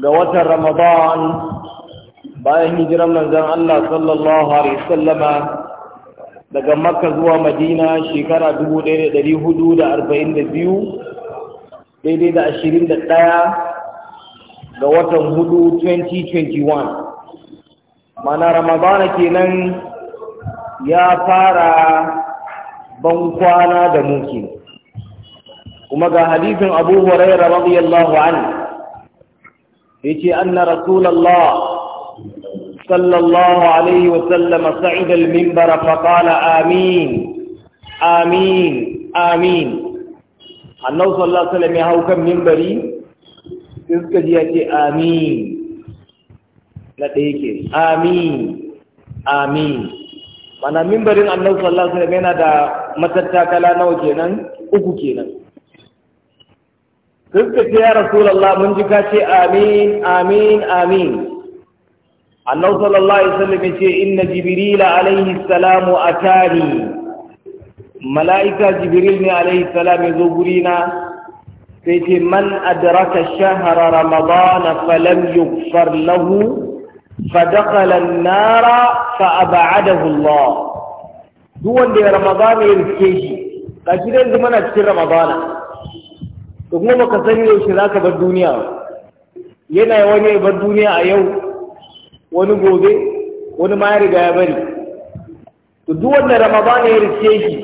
ga watan ramadan bayan hijiran manzan Allah sallallahu Alaihi sallama daga makka zuwa madina shekara 1442 daidai da 21 ga watan hudu 2021 mana ramadana kenan ya fara ban kwana da muke kuma ga hadisin abu hurairah radiyallahu anhu yace anna rasulullah sallallahu alaihi wa sallama sa'ida al-minbar fa qala amin amin amin annabi sallallahu alaihi wasallam ya hau kan minbari iska suka ji yace amin na ɗaya ke amin amin mana minbarin annabi sallallahu alaihi wasallam yana da matattakala nawa kenan uku kenan sai suka ya rasulallah mun ji ka ce amin amin amin annabi sallallahu alaihi wasallam inna jibril alaihi salamu atani malaika jibril ne alaihi salam yazo guri na sai ce man adraka shahra ramadana falam yughfar lahu فدخل النار فأبعده ya دون دي رمضان يركيه لكن يجب أن cikin Ramadana. to kuma baka san yaushe za ka bar duniya yana wani ya bar duniya a yau wani gobe wani ma ya riga ya bari to duk wanda ramadan ya riske shi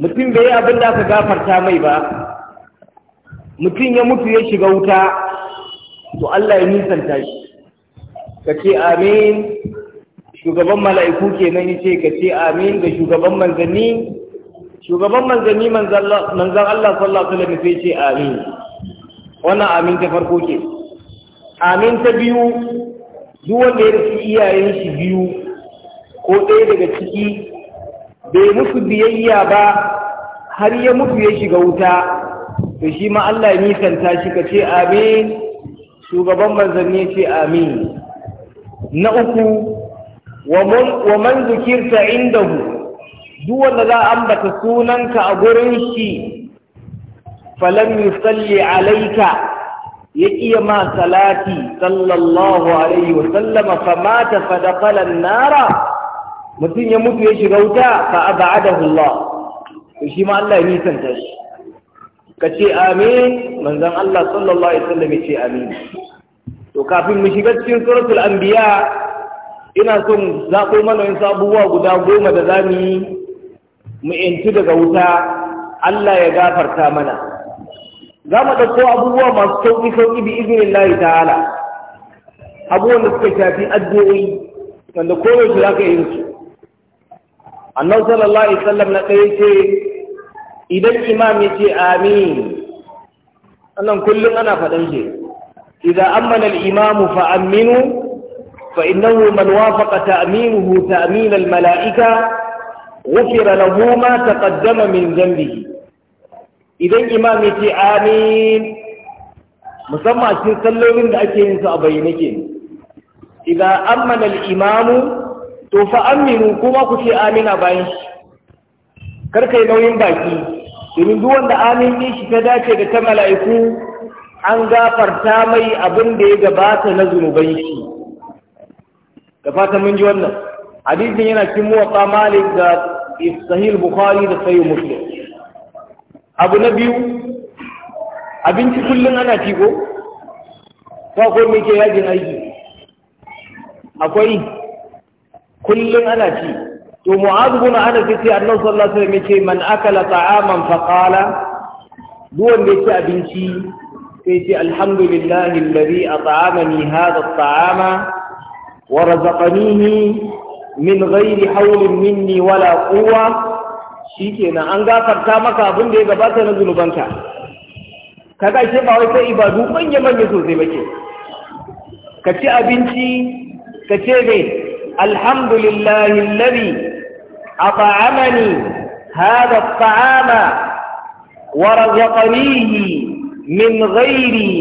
mutum bai yi abin da aka gafarta mai ba mutum ya mutu ya shiga wuta to Allah ya nisanta shi ka ce amin shugaban mala'iku kenan ya ce ka ce amin ga shugaban manzanni shugaban manzanni manzan Allah sallallahu alaihi wasallam sai ce amin wannan amin ta farko ke amin ta biyu duk wanda ya rufe iyayen shi biyu ko ɗaya daga ciki bai musu biyayya ba har ya mutu ya shiga wuta to shi ma Allah ya nisanta shi ka ce amin shugaban manzanni ce amin na uku wa man zukirta indahu duk wanda za a ambata sunanka a gurin shi falam yusalli alaika ya iya ma salati sallallahu alaihi wa sallama fa mata fa dakhala nara mutum ya mutu ya shiga wuta fa abadahu Allah to shi ma Allah ya nisanta shi kace amin manzon Allah sallallahu alaihi wasallam ya ce amin to kafin mu shiga cikin suratul anbiya ina son zaɓo mana wasu sabuwa guda goma da za mu yi mu yanci daga wuta Allah ya gafarta mana za mu ɗauko abubuwa masu sauƙi sauƙi bi izinin lahi ta'ala abubuwan da suka shafi addu'o'i wanda koyaushe za ka yi su annabi sallallahu alaihi wasallam na ɗaya ce idan imam ya ce amin annan kullum ana faɗan shi idza amana al-imamu fa aminu fa innahu man wafaqa ta'minuhu ta'min al-mala'ika غفر له ما تقدم من ذنبه idan imami ce amin musamman a cikin sallolin da ake yin su a bayyane ke idan ammana al to fa aminu kuma ku ce amina bayan shi kar yi nauyin baki domin duk wanda amin ne shi ta dace da ta mala'iku an gafarta mai abin da ya gabata na zunuban shi da fatan mun ji wannan hadisin yana cikin muwatta malik da sahih bukhari da sahih muslim abu na biyu abinci kullum ana ci ko ko akwai me ke yajin aiki akwai kullum ana ci to mu'adh bin anas sai annabi sallallahu alaihi wasallam yace man akala ta'aman fa qala duwan da yake abinci sai ce alhamdulillahi alladhi at'amani hadha at'ama wa razaqanihi min ghairi haulin minni wala quwwa shikenan an gafarta maka abin da ya gabata na zunubanka kaga shi ba wai sai ibadu manya manya sosai bake ka ci abinci ka ce me alhamdulillahi alladhi at'amani hadha at'ama wa razaqanihi min ghairi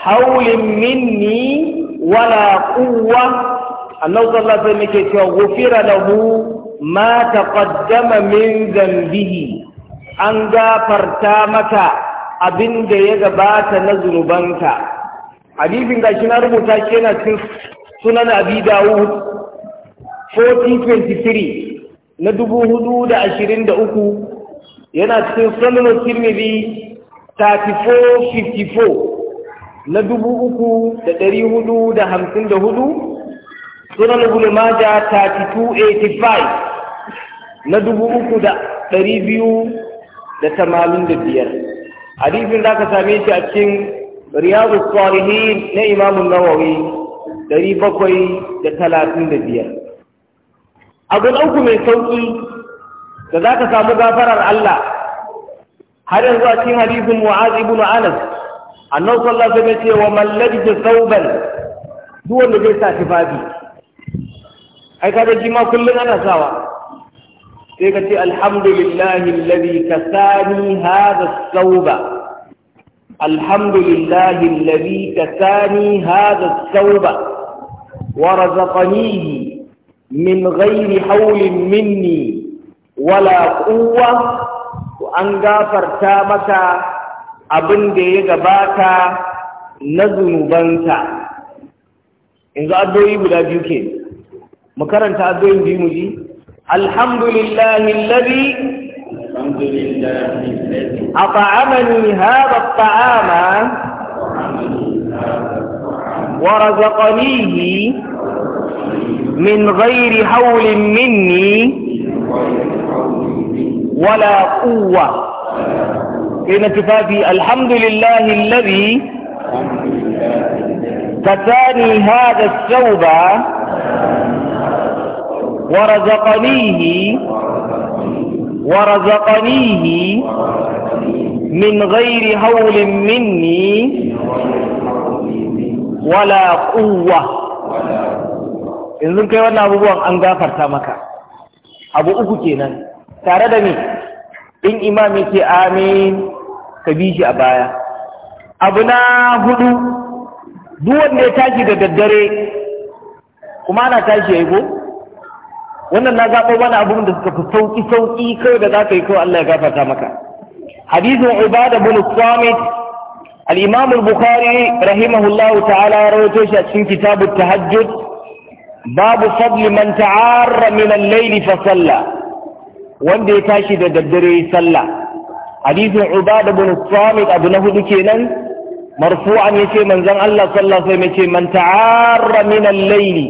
haulin minni wala quwwa annabi sallallahu alaihi wasallam yake cewa ghufira lahu ma taqaddama min dhanbihi an gafarta maka abin da ya gabata na zunubanka hadisin gashi na rubuta shi yana cikin sunan abi dawud 1423 na dubu hudu da da ashirin uku, yana cikin sunan tirmidhi 3454 na dubu uku da da da hudu hamsin hudu. sunan ibn majah 3285 na 3285 hadisin da ka same shi a cikin riyadu salihin na imam nawawi biyar. abu uku mai sauki da za ka samu gafarar Allah har yanzu a cikin hadisin mu'az ibn anas annabi sallallahu alaihi wasallam ya ce wa man labisa thawban duk wanda zai sa tufafi ai ka shi ma kullum ana sawa sai ka ce alhamdulillahi alladhi kasani hadha sauba alhamdulillahi alladhi kasani hadha as-sauba wa razaqanihi min ghairi hawlin minni wala quwwa an gafarta maka abin da ya gabata na zunubanta yanzu addu'o'i guda biyu ke مكرن تعبين بيمجي الحمد لله الذي الحمد لله الذي أطعمني هذا الطعام ورزقنيه من غير حول مني ولا قوة إن كتابي الحمد لله الذي كساني هذا الثوب ورزقنيه ورزقنيه من غير هول مني ولا قوة yanzu kai wannan abubuwan an gafarta maka abu uku kenan tare da me in imami ce amin ka bi shi a baya abu na hudu duk wanda tashi da daddare kuma ana tashi ya wannan na zaɓo mana abun da suka fi sauƙi sauƙi kai da za ka yi ko Allah ya gafarta maka hadisin ibada bin samit al-imam al-bukhari rahimahullahu ta'ala ya rawaito shi a cikin kitabut tahajjud babu fadli man ta'arra min al-layl fa salla wanda ya tashi da daddare sallah hadisin ibada bin samit abu na hudu kenan marfu'an yace manzon Allah sallallahu alaihi wasallam yace man ta'arra min al-layl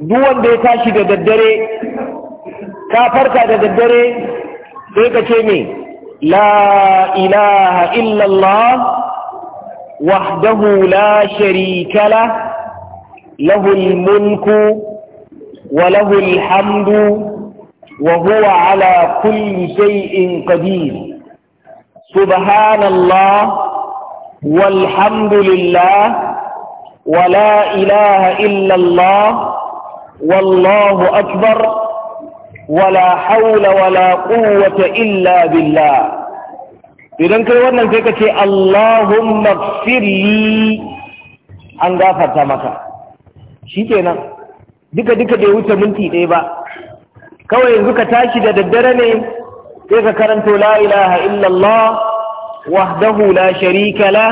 duk wanda ya tashi da daddare ka farka da daddare sai ka ce me la ilaha illallah wahdahu la sharika la lahul mulku wa lahul hamdu wa huwa ala kulli shay'in qadir subhanallah walhamdulillah wa la ilaha illallah. والله أكبر ولا حول ولا قوة إلا wannan kai كي ورنا كي اللهم اغفر لي أن غافر تمكا شيكينا duka duka bai wuce minti ɗaya ba kawai yanzu ka tashi da daddare ne kai ka karanto la ilaha illallah wahdahu la sharika la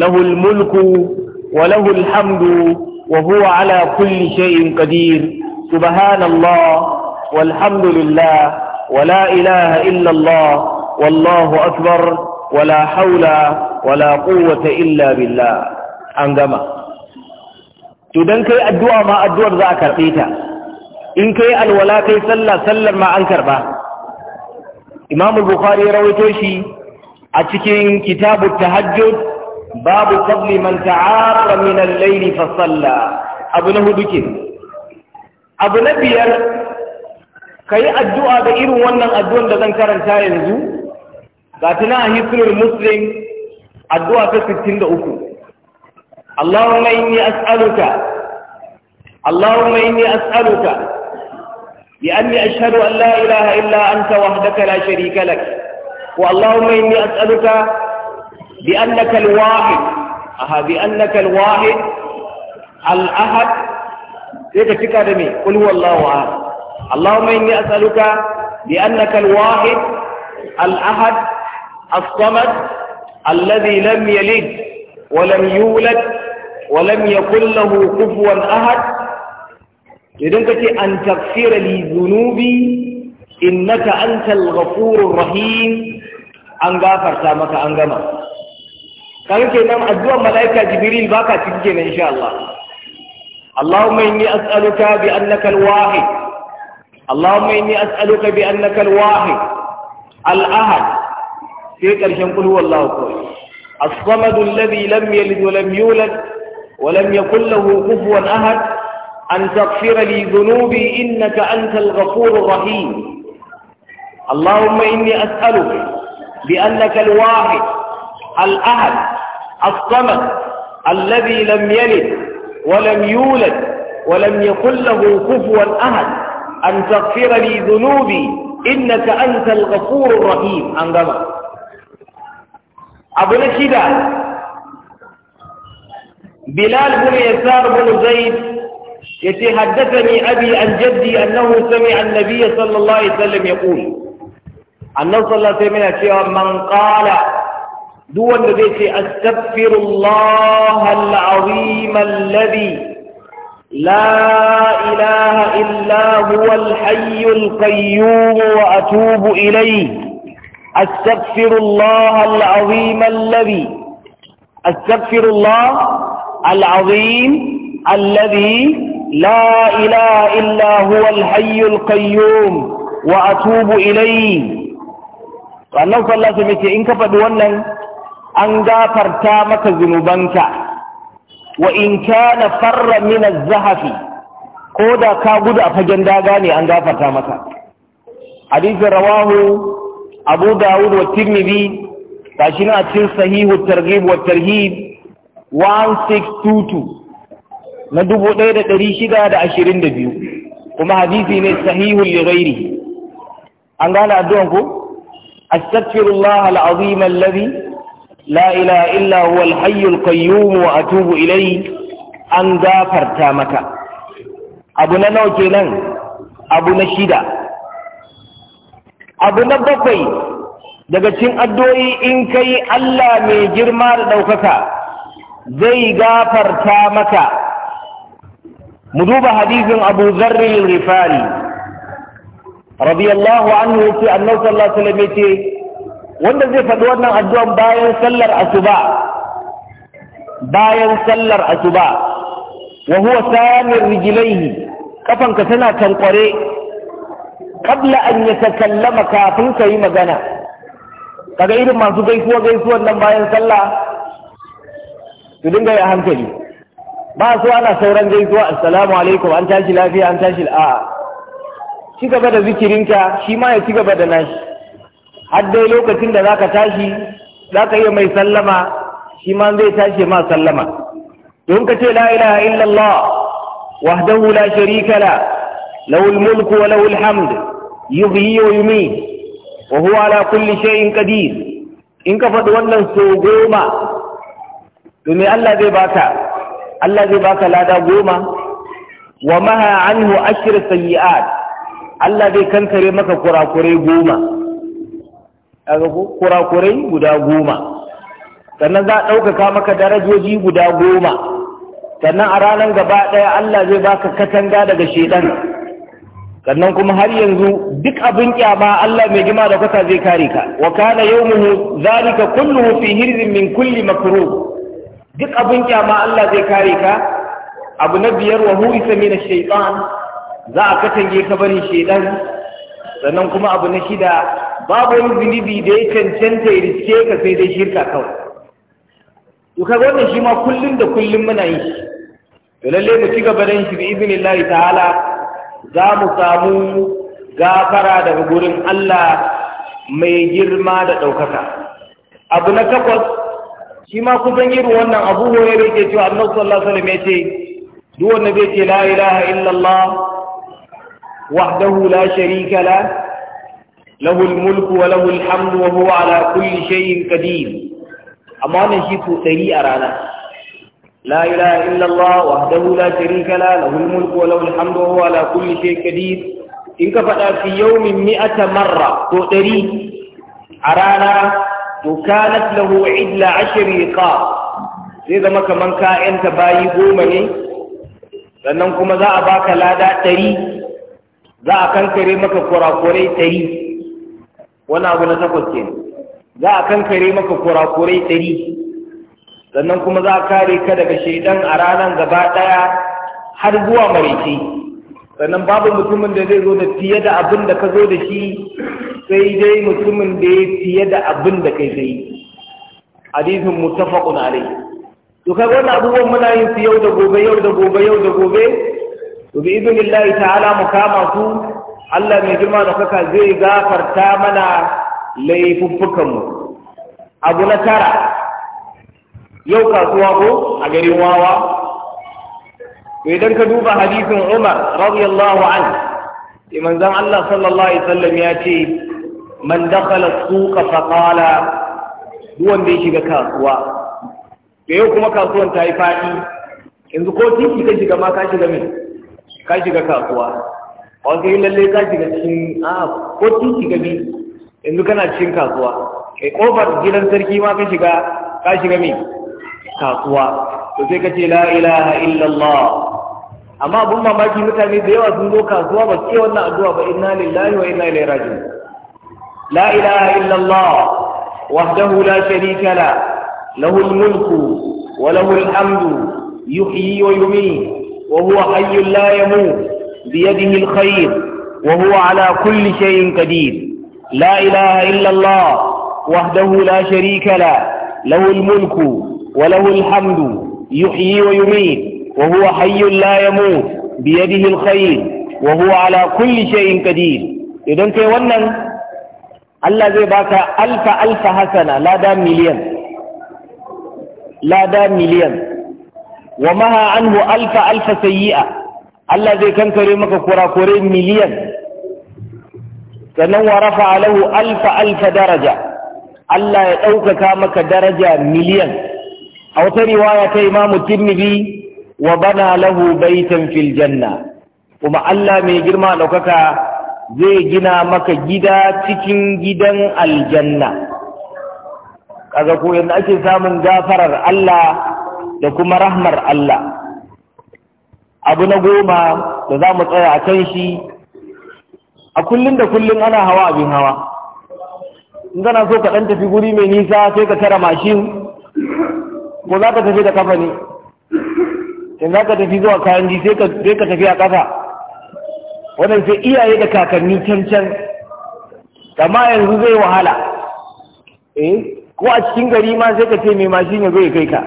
lahul mulku wa lahul hamdu وهو على كل شيء قدير سبحان الله والحمد لله ولا إله إلا الله والله أكبر ولا حول ولا قوة إلا بالله أنجمع تدن كي الدعاء ما الدعاء ذا كرقيتا إن كي الولا كي سلا سلا ما أنكر به إمام البخاري رويته شي أتكين كتاب التهجد babu fadli man ta'ara min al-layl fa salla abu na hudu ke abu na biyar kai addu'a da irin wannan addu'an da zan karanta yanzu ga tana a hisnul muslim addu'a ta 63 Allahumma inni as'aluka Allahumma inni as'aluka لأني أشهد أن لا إله إلا أنت وحدك لا شريك لك واللهم inni asaluka. بأنك الواحد أها بأنك الواحد الأحد سيك دمي قل هو الله أحد اللهم إني أسألك بأنك الواحد الأحد الصمد الذي لم يلد ولم يولد ولم يكن له كفوا أحد لذلك أن تغفر لي ذنوبي إنك أنت الغفور الرحيم أن gafarta maka an gama كان كنام أدوى ملائكة جبريل باكا تجينا إن شاء الله اللهم إني أسألك بأنك الواحد اللهم إني أسألك بأنك الواحد الأهل في كرشان قل هو الله أكبر الصمد الذي لم يلد ولم يولد ولم يكن له كفوا أهد أن تغفر لي ذنوبي إنك أنت الغفور الرحيم اللهم إني أسألك بأنك الواحد الأهد الصمد الذي لم يلد ولم يولد ولم يقل له كفوا أحد أن تغفر لي ذنوبي إنك أنت الغفور الرحيم أنجمع أبو نشيدا بلال بن يسار بن زيد يتحدثني أبي عن جدي أنه سمع النبي صلى الله عليه وسلم يقول أنه صلى الله عليه وسلم من قال duk wanda zai ce astaghfirullah al لا إله إلا هو الحي القيوم وأتوب إليه أستغفر الله العظيم الذي أستغفر الله العظيم الذي لا إله إلا هو الحي القيوم وأتوب إليه فأنه صلى الله عليه وسلم إن كفد ونن an gafarta maka zunubanka wa in kana farra min az-zahafi ko da ka gudu a fagen daga ne an gafarta maka hadisin rawahu abu dawud wa tirmidhi gashi na cikin sahihu targhib wa tarhib 1622 na 1622 kuma hadisi ne sahihun li an gane addu'an ko astaghfirullah al-azim alladhi la ilaha illa huwa alhayyul qayyum wa atubu ilayhi an gafarta maka abu na nawa kenan abu na shida abu na bakwai daga cikin addu'o'i in kai Allah mai girma da ɗaukaka zai gafarta maka mu duba hadisin Abu Zarri al-Rifari radiyallahu anhu yace annabi sallallahu alaihi wanda zai faɗi wannan addu'an bayan sallar asuba bayan sallar asuba wa huwa samir rijlaihi kafanka tana tankware qabla an yatakallama kafin ka yi magana kaga irin masu gaisuwa gaisuwan nan bayan sallah su dinga yi hankali ba su ana sauran gaisuwa assalamu alaikum an tashi lafiya an tashi a'a ci gaba da zikirinka shi ma ya ci gaba da nashi har dai lokacin da zaka tashi zaka iya mai sallama shi ma zai tashi ma sallama don ka ce la ilaha illallah wahdahu la sharika la lahul mulku wa lahul hamd yuhyi wa yumiit wa huwa ala kulli shay'in qadir in ka faɗi wannan so goma to me Allah zai baka Allah zai baka lada goma wa maha anhu ashir sayyi'at Allah zai kankare maka kurakurai goma kaga kurakurai guda goma sannan za a ɗaukaka maka darajoji guda goma sannan a ranar gaba ɗaya Allah zai baka katanga daga shedan sannan kuma har yanzu duk abin kyama Allah mai gima da kwata zai kare ka wa kana yawmuhu zalika kulluhu fi hirzin min kulli makruh duk abin kyama Allah zai kare ka abu na biyar wa hurisa min ash-shaytan za a katange ka bari shedan sannan kuma abu na shida babu wani zunubi da ya cancanta ya riske ka sai dai shirka kawai to kaga wannan shi ma kullum da kullum muna yi shi to lalle mu ci gaba shi bi iznillahi ta'ala za mu samu gafara daga gurin Allah mai girma da ɗaukaka abu na takwas shi ma kusan irin wannan abu hore yake cewa annabi sallallahu alaihi wasallam ya ce duk wanda zai ce la ilaha illallah wahdahu la sharika la له الملك وله الحمد وهو على كل شيء قدير أما نشيط سريع رانا لا إله إلا الله وحده لا شريك له له الملك وله الحمد وهو على كل شيء قدير إنك فتا في يوم مئة مرة تؤتري أرانا وكانت له عدل عشر رقاب zai zama kaman ka'yanta bayi goma ne sannan kuma za a baka lada tari za a kankare maka kurakurai tari wani abu na takwas ke za a kankare maka kurakurai ɗari sannan kuma za a kare ka daga shaidan a ranar gaba ɗaya har zuwa maraice sannan babu mutumin da zai zo da fiye da abin da ka zo da shi sai dai mutumin da ya fiye da abin da kai sai hadisin muttafaqun alayhi to kai wannan abubuwan muna yin su yau da gobe yau da gobe yau da gobe to bi idnillahi ta'ala mu kama su Allah mai girma da kuka zai gafarta mana laifuffukanmu abu na tara yau kasuwa ko a garin wawa idan ka duba hadisin Umar radiyallahu an manzon Allah sallallahu alaihi wasallam ya ce man dakhala suqa fa qala duwan da ya shiga kasuwa da yau kuma kasuwan ta yi fadi yanzu ko titi ka shiga ma ka shiga min ka shiga kasuwa a wasu yi lalle ka shiga cikin a ko titi ka bi yanzu kana cikin kasuwa kai kofar gidan sarki ma ka shiga ka shiga mai kasuwa to sai ka ce la ilaha illallah amma abun mamaki mutane da yawa sun zo kasuwa ba su ce wannan addu'a ba inna lillahi wa inna ilaihi raji'un la ilaha illallah wahdahu la sharika la lahul mulku wa lahul hamdu yuhyi wa yumiit wa huwa hayyul la yamut بيده الخير وهو على كل شيء قدير لا إله إلا الله وحده لا شريك له له الملك وله الحمد يحيي ويميت وهو حي لا يموت بيده الخير وهو على كل شيء قدير idan kai الله زي zai ألف ألف حسنة لا lada مليان لا miliyan مليان ومها عنه ألف ألف سيئة Allah zai kankare maka kurakure miliyan sannan wa rafa lahu alfa alfa daraja Allah ya ɗaukaka maka daraja miliyan a wata riwaya ta imamu tirmidhi wa bana lahu baitan fil janna kuma Allah mai girma ɗaukaka zai gina maka gida cikin gidan aljanna kaga ko yanzu ake samun gafarar Allah da kuma rahmar Allah abu na goma da za mu tsaya a kan shi a kullum da kullum ana hawa abin hawa in kana so ka ɗan tafi guri mai nisa sai ka tara mashin ko za ka tafi da kafa ne in za ka tafi zuwa kayan ji sai ka tafi a ƙasa wannan sai iyaye da kakanni can can amma yanzu zai wahala eh ko a cikin gari ma sai ka ce mai mashin ya zo ya kai ka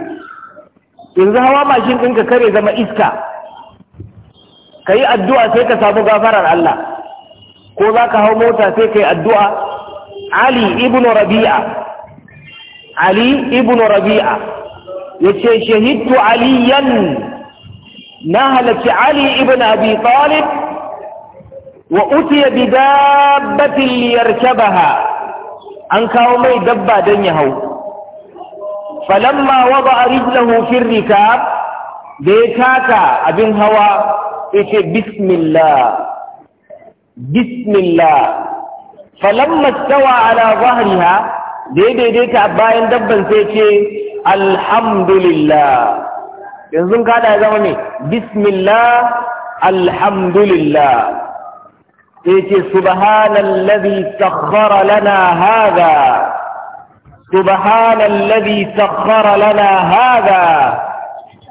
yanzu hawa mashin ɗinka kare zama iska ka yi addu'a sai ka samu gafarar Allah ko za ka hau mota sai ka yi addu'a Ali ibn Rabi'a Ali ibn Rabi'a ya ce shahidtu aliyan na halarci Ali ibn Abi Talib wa utiya bi dabbatin an kawo mai dabba don ya hau falamma wada rijlahu fi rikab da ya taka abin hawa yace bismillah bismillah falamma stawa ala zahriha da ya daidaita bayan dabban sai ce alhamdulillah yanzu ka da zama ne bismillah alhamdulillah sai ce subhanallazi sakhkhara lana hadha subhanallazi sakhkhara lana hadha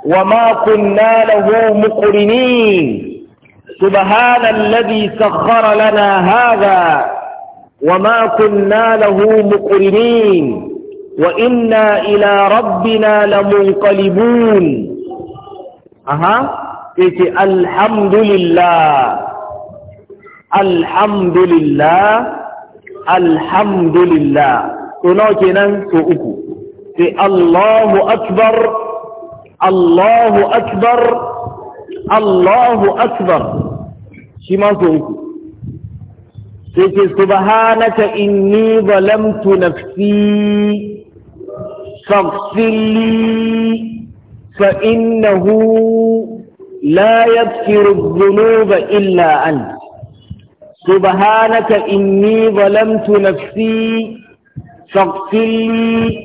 وما كنا له مقرنين سبحان الذي سخر لنا هذا وما كنا له مقرنين وإنا إلى ربنا لمنقلبون أها الحمد لله الحمد لله الحمد لله تنوكنا سوءكم في الله أكبر الله أكبر الله أكبر شما سنكو سيكي سبحانك إني ظلمت نفسي فاغفر لي فإنه لا يغفر الذنوب إلا أنت سبحانك إني ظلمت نفسي فاغفر لي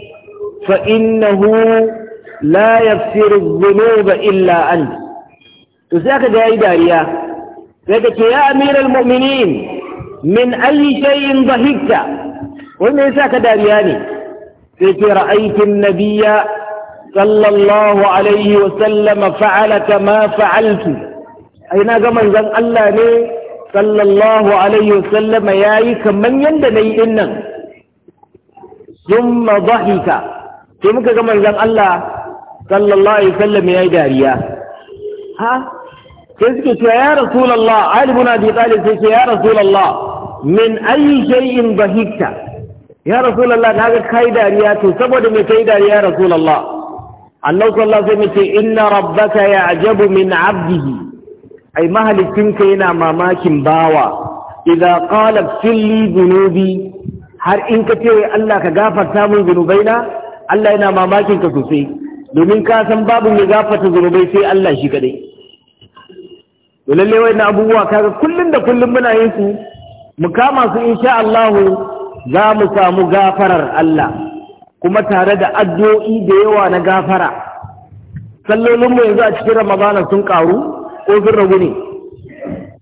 فإنه لا يذكر الظنوب إلا أنت la yaghfiru dhunuba illa ant to sai aka ga yayi dariya sai ka ce ya amiral mu'minin min ayi shay'in dhahikta wanda yasa ka dariya ne sai ce ra'aytun nabiyya sallallahu alaihi wa sallam fa'ala kama fa'altu ai na ga manzon Allah ne sallallahu alaihi wa sallama yayi kaman yanda nayi dinnan nan thumma dhahika sai muka ga manzon Allah sallallahu alaihi ya yayi dariya ha sai suke cewa ya rasulullah ali ibn talib sai ce ya rasulullah min ayi shay'in bahikta ya rasulullah naga kai dariya to saboda me kai dariya ya rasulullah annabi sallallahu alaihi wasallam ce inna rabbaka ya'jabu min 'abdihi ai mahalicinka yana mamakin bawa idan qala filli zunubi. har in ka ce Allah ka gafarta min zunubaina Allah yana mamakin ka sosai domin ka san babu mai gafarta zurubai sai Allah shi kadai to lalle na abubuwa kaga kullun da kullun muna yin su mu kama su insha Allah za mu samu gafarar Allah kuma tare da addu'o'i da yawa na gafara sallolin mu yanzu a cikin Ramadana sun karu ko sun ragu ne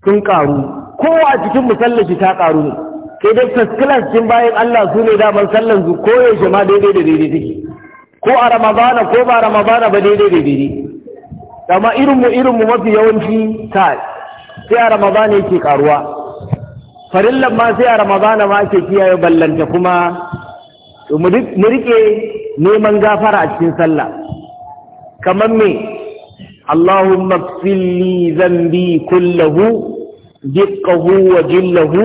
sun karu kowa a cikin musallaci ta karu ne sai dai first class cikin bayan Allah su ne daman sallan su koyaushe ma daidai da daidai take ko a ramadana ko ba ramadana ba daidai da daidai amma irinmu irinmu mafi yawanci ta sai a ramadana yake karuwa farillan ma sai a ramadana ma ake kiyaye ballanta kuma mu rike neman gafara a cikin sallah kamar me Allahumma fili zambi kullahu wa akhirahu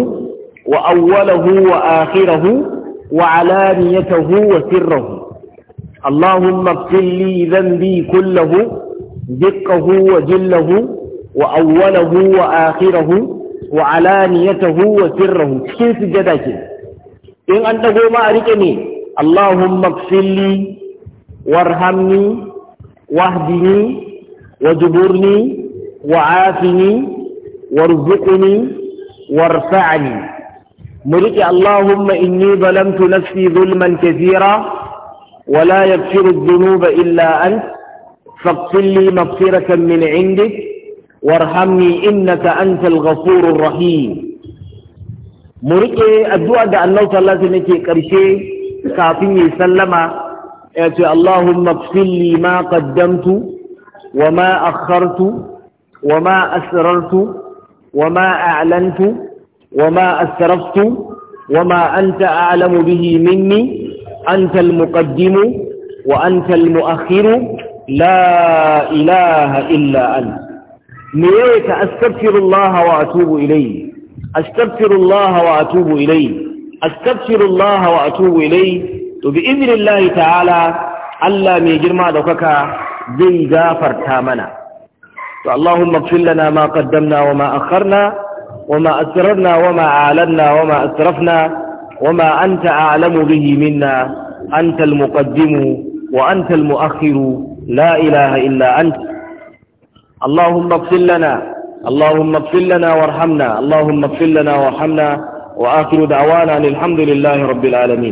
وأوله وآخره wa وسره اللهم اغفر لي ذنبي كله دقه وجله وأوله وآخره وعلانيته وسره كيف سجدك إن أنت ما أريكني اللهم اغفر لي وارحمني واهدني وجبرني وعافني وارزقني وارفعني مريك اللهم إني ظلمت نفسي ظلما كثيرا ولا يغفر الذنوب إلا أنت فاغفر لي مغفرة من عندك وارحمني إنك أنت الغفور الرحيم مريكي الدعاء ده الله صلى الله عليه وسلم كرشي كافي سلم يأتي اللهم اغفر لي ما قدمت وما أخرت وما أسررت وما أعلنت وما أسرفت وما أنت أعلم به مني أنت المقدم وأنت المؤخر لا إله إلا أنت ميت أستغفر الله وأتوب إليه أستغفر الله وأتوب إليه أستغفر الله وأتوب إليه وبإذن الله تعالى ألا ميجرما دوكك زي غافر تامنا فاللهم اغفر لنا ما قدمنا وما أخرنا وما أسررنا وما أعلنا وما أسرفنا وما أنت أعلم به منا أنت المقدم وأنت المؤخر لا إله إلا أنت اللهم اغفر لنا اللهم اغفر لنا وارحمنا اللهم اغفر لنا وارحمنا وآخر دعوانا الحمد لله رب العالمين